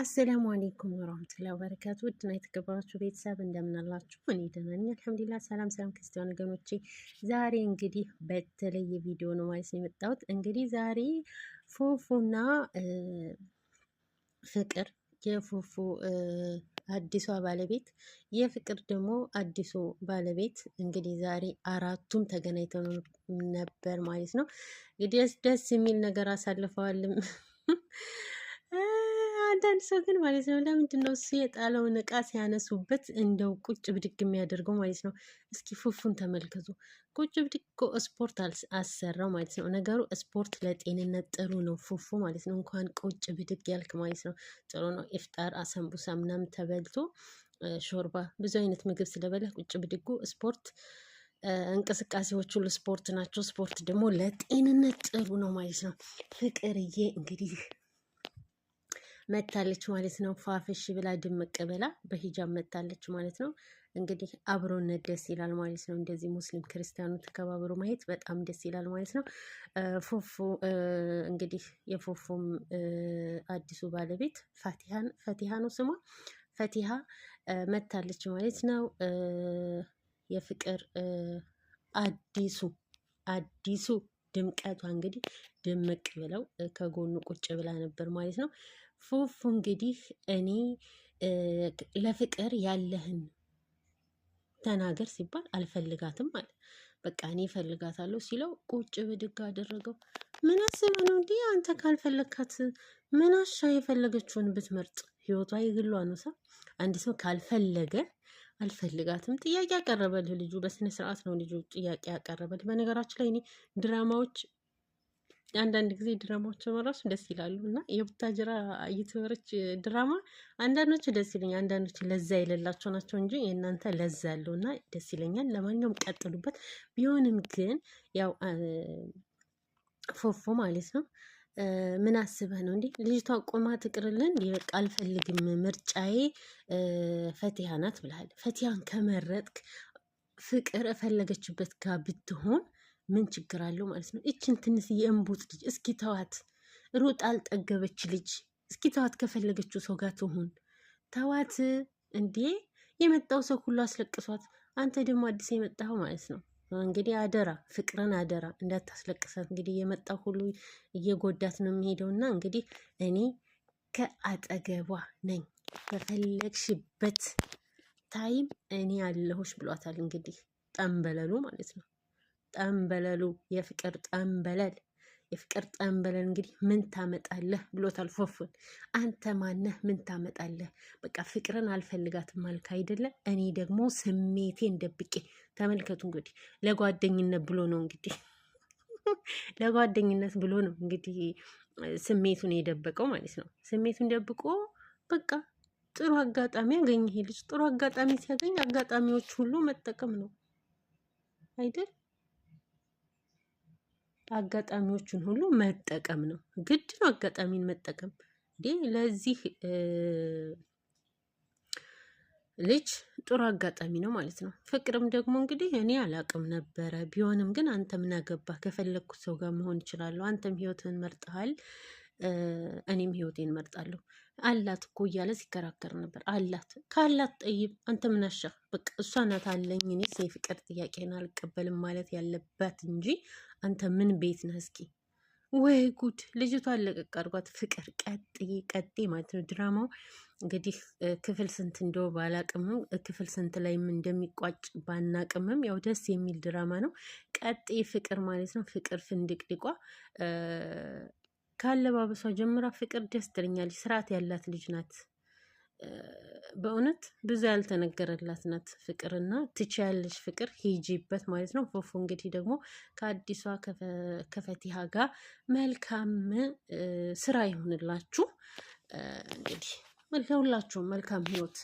አሰላሙ አሌይኩም ወራህመቱላሂ ወበረካቱ ውድና የተከበራችሁ ቤተሰብ እንደምናላችሁ፣ እኔ ደህና ነኝ አልሐምዱሊላህ። ሰላም ሰላም ክርስቲያን ወገኖቼ፣ ዛሬ እንግዲህ በተለየ ቪዲዮ ነው ማለት ነው የመጣሁት። እንግዲህ ዛሬ ፉፉና ፍቅር የፉፉ አዲሷ ባለቤት የፍቅር ደግሞ አዲሱ ባለቤት እንግዲህ ዛሬ አራቱም ተገናኝተው ነበር ማለት ነው። እንግዲህ ደስ የሚል ነገር አሳልፈዋልም አንዳንድ ሰው ግን ማለት ነው ለምንድን ነው እሱ የጣለውን እቃ ሲያነሱበት እንደው ቁጭ ብድግ የሚያደርገው ማለት ነው? እስኪ ፉፉን ተመልከቱ። ቁጭ ብድግ እኮ ስፖርት አሰራው ማለት ነው። ነገሩ ስፖርት ለጤንነት ጥሩ ነው። ፉፉ ማለት ነው እንኳን ቁጭ ብድግ ያልክ ማለት ነው ጥሩ ነው። ኢፍጣር አሰንቡሳ ምናምን ተበልቶ ሾርባ፣ ብዙ አይነት ምግብ ስለበላ ቁጭ ብድጉ ስፖርት እንቅስቃሴዎች ሁሉ ስፖርት ናቸው። ስፖርት ደግሞ ለጤንነት ጥሩ ነው ማለት ነው። ፍቅርዬ እንግዲህ መታለች ማለት ነው። ፏፈሽ ብላ ድምቅ ብላ በሂጃብ መታለች ማለት ነው። እንግዲህ አብሮነት ደስ ይላል ማለት ነው። እንደዚህ ሙስሊም ክርስቲያኑ ተከባብሮ ማየት በጣም ደስ ይላል ማለት ነው። ፉፉ እንግዲህ የፉፉም አዲሱ ባለቤት ፈቲሃ ነው ስሟ። ፈቲሃ መታለች ማለት ነው። የፍቅር አዲሱ አዲሱ ድምቀቷ እንግዲህ ድምቅ ብለው ከጎኑ ቁጭ ብላ ነበር ማለት ነው። ፉፉ እንግዲህ እኔ ለፍቅር ያለህን ተናገር ሲባል አልፈልጋትም አለ። በቃ እኔ እፈልጋታለሁ ሲለው ቁጭ ብድግ አደረገው። ምን አስበ ነው እንዲህ አንተ ካልፈለግካት ምን አሻ የፈለገችውን ብትመርጥ ህይወቷ የግሏ ነው። አንድ ሰው ካልፈለገ አልፈልጋትም ጥያቄ ያቀረበልህ ልጁ በስነ ስርዓት ነው ልጁ ጥያቄ ያቀረበልህ። በነገራችን ላይ እኔ ድራማዎች አንዳንድ ጊዜ ድራማዎች ራሱ ደስ ይላሉ እና የቡታጅራ እየተወረች ድራማ አንዳንዶች ደስ ይለኛል፣ አንዳንዶች ለዛ የሌላቸው ናቸው እንጂ የእናንተ ለዛ ያለው እና ደስ ይለኛል። ለማንኛውም ቀጥሉበት። ቢሆንም ግን ያው ፎፎ ማለት ነው ምን አስበህ ነው እንዴ? ልጅቷ ቆማ ትቅርልን? በቃ አልፈልግም፣ ምርጫዬ ፈቲሃ ናት ብለሃል። ፈቲሃን ከመረጥክ ፍቅር እፈለገችበት ጋር ብትሆን ምን ችግር አለው ማለት ነው? እችን ትንስ የእንቡጥ ልጅ እስኪ ተዋት። ሩጥ አልጠገበች ልጅ እስኪ ተዋት። ከፈለገችው ሰው ጋር ትሆን ተዋት። እንዴ የመጣው ሰው ሁሉ አስለቅሷት። አንተ ደግሞ አዲስ የመጣኸው ማለት ነው እንግዲህ አደራ ፍቅርን አደራ እንዳታስለቅሳት። እንግዲህ የመጣ ሁሉ እየጎዳት ነው የሚሄደው እና እንግዲህ እኔ ከአጠገቧ ነኝ በፈለግሽበት ታይም እኔ አለሁሽ ብሏታል። እንግዲህ ጠንበለሉ ማለት ነው። ጠንበለሉ የፍቅር ጠንበለል የፍቅር ጠንበለን እንግዲህ ምን ታመጣለህ ብሎታል ፎፉን። አንተ ማነህ ምን ታመጣለህ? በቃ ፍቅርን አልፈልጋትም ማልክ አይደለ? እኔ ደግሞ ስሜቴን ደብቄ ተመልከቱ። እንግዲህ ለጓደኝነት ብሎ ነው እንግዲህ ለጓደኝነት ብሎ ነው እንግዲህ ስሜቱን የደበቀው ማለት ነው። ስሜቱን ደብቆ በቃ ጥሩ አጋጣሚ ያገኘ ይሄ ልጅ። ጥሩ አጋጣሚ ሲያገኝ አጋጣሚዎች ሁሉ መጠቀም ነው አይደል? አጋጣሚዎችን ሁሉ መጠቀም ነው። ግድ ነው አጋጣሚን መጠቀም እንዴ! ለዚህ ልጅ ጥሩ አጋጣሚ ነው ማለት ነው። ፍቅርም ደግሞ እንግዲህ እኔ አላቅም ነበረ፣ ቢሆንም ግን አንተ ምን አገባህ? ከፈለግኩት ሰው ጋር መሆን እችላለሁ። አንተም ህይወትህን መርጠሃል። እኔም ህይወቴን መርጣለሁ አላት እኮ እያለ ሲከራከር ነበር። አላት ካላት ጠይብ አንተ ምናሻ በቃ እሷ ናት አለኝ። እኔስ የፍቅር ጥያቄን አልቀበልም ማለት ያለባት እንጂ አንተ ምን ቤት ነህ? እስኪ ወይ ጉድ! ልጅቷ አለቀቅ አድርጓት። ፍቅር ቀጤ ቀጤ ማለት ነው። ድራማው እንግዲህ ክፍል ስንት እንደው ባላቅምም ክፍል ስንት ላይም እንደሚቋጭ ባናቅምም ያው ደስ የሚል ድራማ ነው። ቀጤ ፍቅር ማለት ነው። ፍቅር ፍንድቅድቋ ካለባበሷ ጀምራ ፍቅር ደስ ትለኛለች። ስርዓት ያላት ልጅ ናት። በእውነት ብዙ ያልተነገረላት ናት ፍቅርና ትችያለሽ ፍቅር ሂጂበት ማለት ነው። ፎፎ እንግዲህ ደግሞ ከአዲሷ ከፈቲሃ ጋር መልካም ስራ ይሁንላችሁ። እንግዲህ ለሁላችሁም መልካም ህይወት።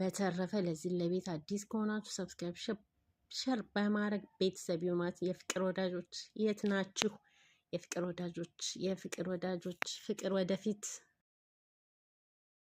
በተረፈ ለዚህ ለቤት አዲስ ከሆናችሁ ሰብስክራይብ፣ ሸር በማድረግ ቤተሰብ ይሁናት። የፍቅር ወዳጆች የት ናችሁ? የፍቅር ወዳጆች የፍቅር ወዳጆች ፍቅር ወደፊት